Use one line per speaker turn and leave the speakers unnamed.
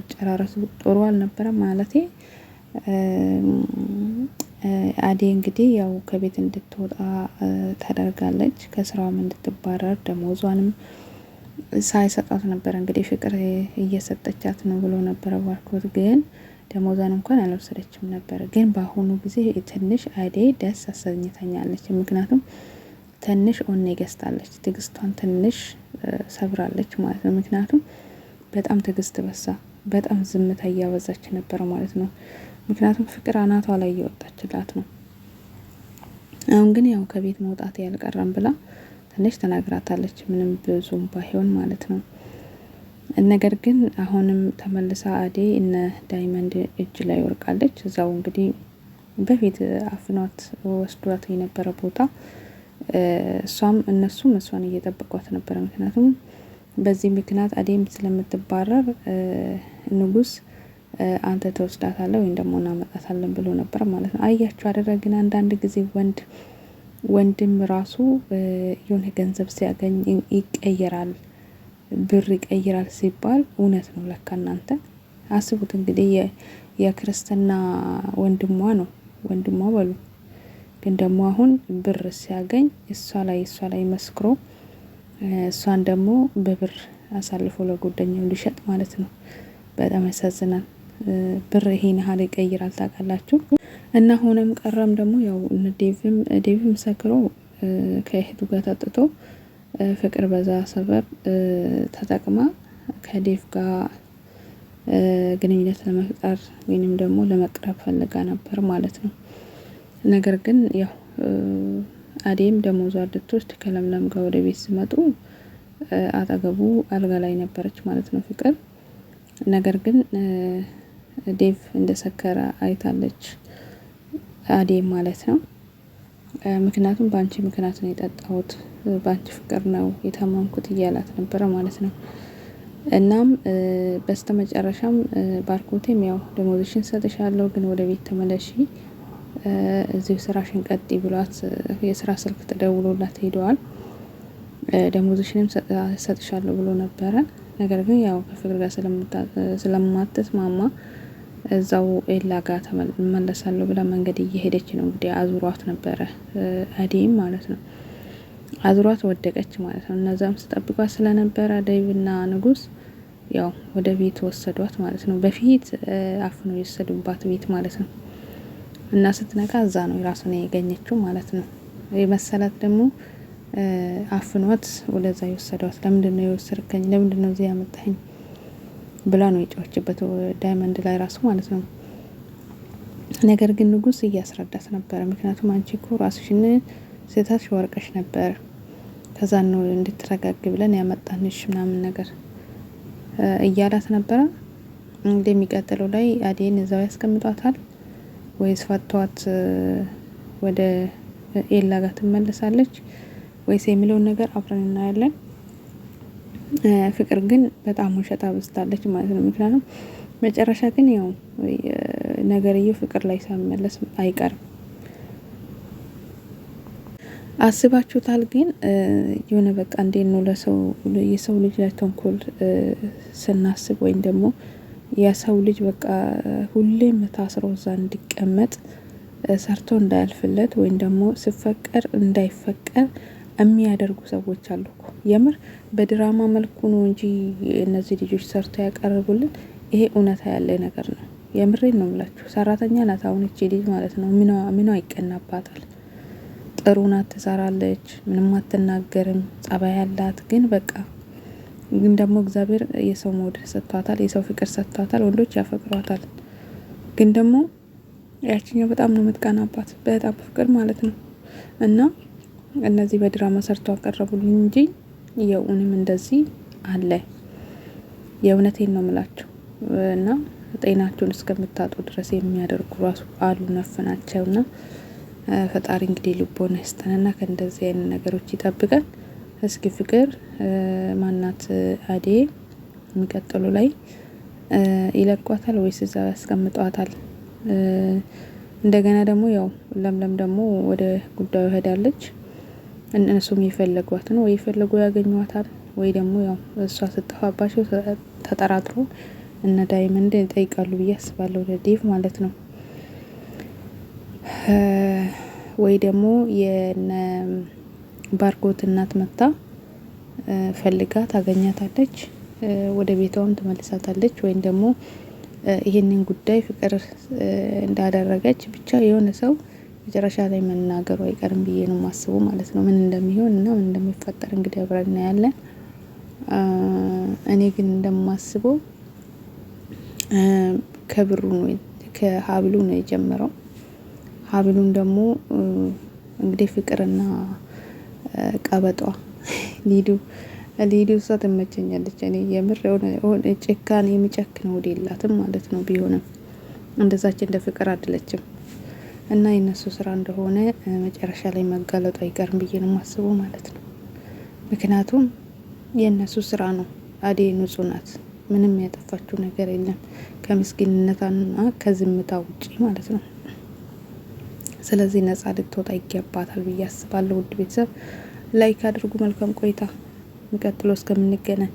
አጨራረሱ ጥሩ አልነበረም ማለቴ። አዴ እንግዲህ ያው ከቤት እንድትወጣ ተደርጋለች። ከስራውም እንድትባረር ደሞዟንም ሳይሰጣት ነበረ እንግዲህ ፍቅር እየሰጠቻት ነው ብሎ ነበረ ባርኮት። ግን ደሞዟን እንኳን አልወሰደችም ነበር። ግን በአሁኑ ጊዜ ትንሽ አዴ ደስ አሰኝተኛለች። ምክንያቱም ትንሽ ኦኔ ገዝታለች፣ ትግስቷን ትንሽ ሰብራለች ማለት ነው። ምክንያቱም በጣም ትግስት በሳ በጣም ዝምታ እያበዛች ነበር ማለት ነው። ምክንያቱም ፍቅር አናቷ ላይ እየወጣችላት ነው። አሁን ግን ያው ከቤት መውጣት ያልቀረም ብላ ትንሽ ተናግራታለች። ምንም ብዙም ባይሆን ማለት ነው። ነገር ግን አሁንም ተመልሳ አዴ እነ ዳይመንድ እጅ ላይ ወርቃለች። እዛው እንግዲህ በፊት አፍኗት ወስዷት የነበረ ቦታ እሷም እነሱም እሷን እየጠበቋት ነበረ ምክንያቱም በዚህ ምክንያት አዴም ስለምትባረር ንጉስ አንተ ተወስዳታለ ወይም ደግሞ እናመጣታለን ብሎ ነበር ማለት ነው። አያችሁ አደረ። ግን አንዳንድ ጊዜ ወንድ ወንድም ራሱ የሆነ ገንዘብ ሲያገኝ ይቀየራል፣ ብር ይቀይራል ሲባል እውነት ነው ለካ። እናንተ አስቡት እንግዲህ የክርስትና ወንድሟ ነው ወንድሟ በሉ። ግን ደግሞ አሁን ብር ሲያገኝ እሷ ላይ እሷ ላይ መስክሮ እሷን ደግሞ በብር አሳልፎ ለጓደኛው ሊሸጥ ማለት ነው። በጣም ያሳዝናል። ብር ይሄን ያህል ይቀይራል ታውቃላችሁ። እና ሆነም ቀረም ደግሞ ያው ዴቭም ዴቭም ሰክሮ ከእህቱ ጋር ታጥቶ ፍቅር በዛ ሰበብ ተጠቅማ ከዴቭ ጋር ግንኙነት ለመፍጠር ወይንም ደግሞ ለመቅረብ ፈልጋ ነበር ማለት ነው። ነገር ግን ያው አዴም ደሞዟ ልትወስድ ከለምለም ጋር ወደ ቤት ሲመጡ አጠገቡ አልጋ ላይ ነበረች ማለት ነው ፍቅር። ነገር ግን ዴቭ እንደሰከረ አይታለች አዴም ማለት ነው። ምክንያቱም በአንቺ ምክንያት ነው የጠጣሁት፣ በአንቺ ፍቅር ነው የታመምኩት እያላት ነበረ ማለት ነው። እናም በስተመጨረሻም ባርኮቴም ያው ደሞዝሽን ሰጥሻለሁ፣ ግን ወደ ቤት ተመለሺ እዚሁ ስራሽን ቀጢ ብሏት የስራ ስልክ ተደውሎላት ሄደዋል። ደሞዝሽንም ሰጥሻለሁ ብሎ ነበረ። ነገር ግን ያው ከፍቅር ጋር ማማ እዛው ኤላ ጋር እመለሳለሁ ብላ መንገድ እየሄደች ነው እንግዲህ አዙሯት ነበረ፣ አዴይም ማለት ነው አዙሯት ወደቀች ማለት ነው። እነዛም ስጠብቋት ስለነበረ ደይብና ንጉስ ያው ወደ ቤት ወሰዷት ማለት ነው። በፊት አፍኖ የወሰዱባት ቤት ማለት ነው። እና ስትነቃ እዛ ነው ራሱን የገኘችው ማለት ነው። የመሰላት ደግሞ አፍኗት ወደዛ የወሰደዋት ለምንድን ነው የወሰድከኝ? ለምንድን ነው እዚህ ያመጣኸኝ? ብላ ነው የጫዎችበት ዳይመንድ ላይ ራሱ ማለት ነው። ነገር ግን ንጉስ እያስረዳት ነበረ። ምክንያቱም አንቺ እኮ ራስሽን ስታሽ ወርቀሽ ነበር፣ ከዛ ነው እንድትረጋግ ብለን ያመጣንሽ ምናምን ነገር እያላት ነበረ። እንደሚቀጥለው ላይ አዴን እዛው ያስቀምጧታል። ወይስ ፈቷት ወደ ኤላ ጋር ትመለሳለች ወይስ የሚለውን ነገር አብረን እናያለን። ፍቅር ግን በጣም ውሸት አብዝታለች ማለት ነው። ምክንያቱም መጨረሻ ግን ያው ነገርየው ፍቅር ላይ ሳመለስ አይቀርም። አስባችሁታል ግን የሆነ በቃ እንዴት ነው ለሰው የሰው ልጅ ላይ ተንኮል ስናስብ ወይም ደግሞ የሰው ልጅ በቃ ሁሌም ታስሮ እዛ እንዲቀመጥ ሰርቶ እንዳያልፍለት ወይም ደግሞ ስፈቀር እንዳይፈቀር የሚያደርጉ ሰዎች አሉ። የምር በድራማ መልኩ ነው እንጂ እነዚህ ልጆች ሰርቶ ያቀርቡልን ይሄ እውነታ ያለ ነገር ነው። የምሬን ነው ምላችሁ ሰራተኛ ናት አሁን እቺ ልጅ ማለት ነው። ምኗ ይቀናባታል? ጥሩ ናት፣ ትሰራለች፣ ምንም አትናገርም፣ ጸባይ ያላት ግን በቃ ግን ደግሞ እግዚአብሔር የሰው መውደድ ሰጥቷታል፣ የሰው ፍቅር ሰጥቷታል። ወንዶች ያፈቅሯታል። ግን ደግሞ ያችኛው በጣም ነው የምትቀናባት፣ በጣም ፍቅር ማለት ነው። እና እነዚህ በድራማ ሰርቶ አቀረቡልኝ እንጂ የእውንም እንደዚህ አለ። የእውነቴን ነው የምላቸው እና ጤናቸውን እስከምታጡ ድረስ የሚያደርጉ ራሱ አሉ ነፍ ናቸው። እና ፈጣሪ እንግዲህ ልቦና ይስጠንና ከእንደዚህ አይነት ነገሮች ይጠብቀን። እስኪ ፍቅር ማናት አዴ የሚቀጥሉ ላይ ይለቋታል ወይስ እዛ ያስቀምጧታል? እንደገና ደግሞ ያው ለምለም ደግሞ ወደ ጉዳዩ ሄዳለች። እነሱም የፈለጓት ነው ወይ የፈለጉ ያገኟታል ወይ ደግሞ ያው እሷ ስጠፋባቸው ተጠራጥሮ እነ ዳይመንድ ይጠይቃሉ ብዬ አስባለሁ፣ ለዴቭ ማለት ነው። ወይ ደግሞ የነ ባርኮት እናት መታ ፈልጋ ታገኛታለች፣ ወደ ቤቷም ትመልሳታለች። ወይም ደግሞ ይህንን ጉዳይ ፍቅር እንዳደረገች ብቻ የሆነ ሰው መጨረሻ ላይ መናገሩ አይቀርም ብዬ ነው ማስቡ ማለት ነው። ምን እንደሚሆን እና ምን እንደሚፈጠር እንግዲህ አብረን እናያለን። እኔ ግን እንደማስበው ከብሩ ነው ከሀብሉ ነው የጀመረው። ሀብሉም ደግሞ እንግዲህ ፍቅርና ቀበጧ ሊዱ ሊዱ እሷ ትመቸኛለች። እኔ የምር ሆነ ጭካን የሚጨክን ወደ የላትም ማለት ነው። ቢሆንም እንደዛች እንደ ፍቅር አይደለችም እና የነሱ ስራ እንደሆነ መጨረሻ ላይ መጋለጡ አይቀርም ብዬ ነው የማስበው ማለት ነው። ምክንያቱም የእነሱ ስራ ነው። አዴ ንጹህ ናት። ምንም ያጠፋችው ነገር የለም ከምስኪንነቷና ከዝምታ ውጪ ማለት ነው። ስለዚህ ነጻ ልትወጣ ይገባታል ብዬ አስባለሁ። ውድ ቤተሰብ ላይክ አድርጉ። መልካም ቆይታ። የሚቀጥለው እስከምንገናኝ